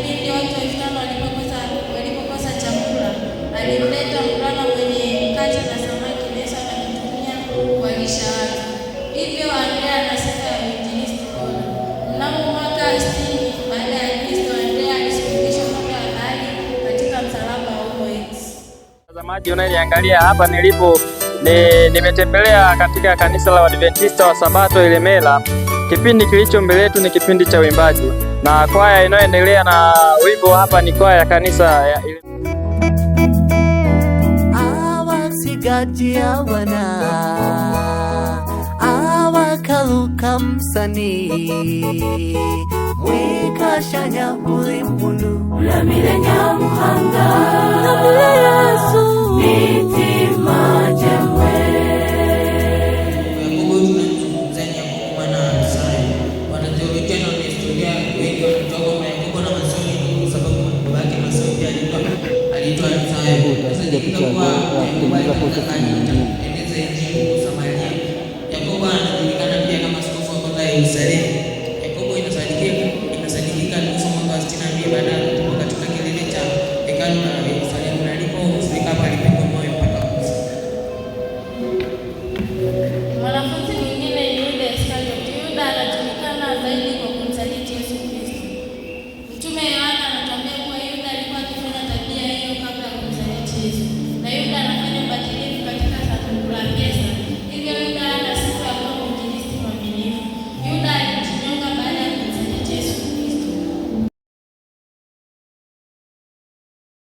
kipindi watu elfu tano walipokosa chakula, alimleta mvulana mwenye mkate na samaki na Yesu akavitumia kuwalisha watu. Hivyo Andrea na sifa ya uinjilisti bora. Mnamo mwaka sitini baada ya Kristo, Andrea alisulubishwa kando ya bahari katika msalaba wa Olwezi. Mtazamaji unayeniangalia hapa nilipo ni nimetembelea katika kanisa la Waadventista wa Sabato Ilemela. Kipindi kilicho mbele yetu ni kipindi cha uimbaji na kwaya inayoendelea na wimbo hapa ni kwaya ya kanisa ya Awasigaji awana awakaluka msanii mwikashanya ulimbunu ulamilenya muhanga Mungu utasaidi kuchagua kutengeneza kwa sisi Mungu. Yakobo anajulikana pia kama askofu wa kwanza Yerusalemu. Yakobo inasadikika inasadikika nusu mwaka sitini na baada ya kutoka katika kilele cha hekalu la Yerusalemu na alipofika hapa alipigwa moyo mpaka kufa. Mwanafunzi mwingine Yuda Iskarioti Yuda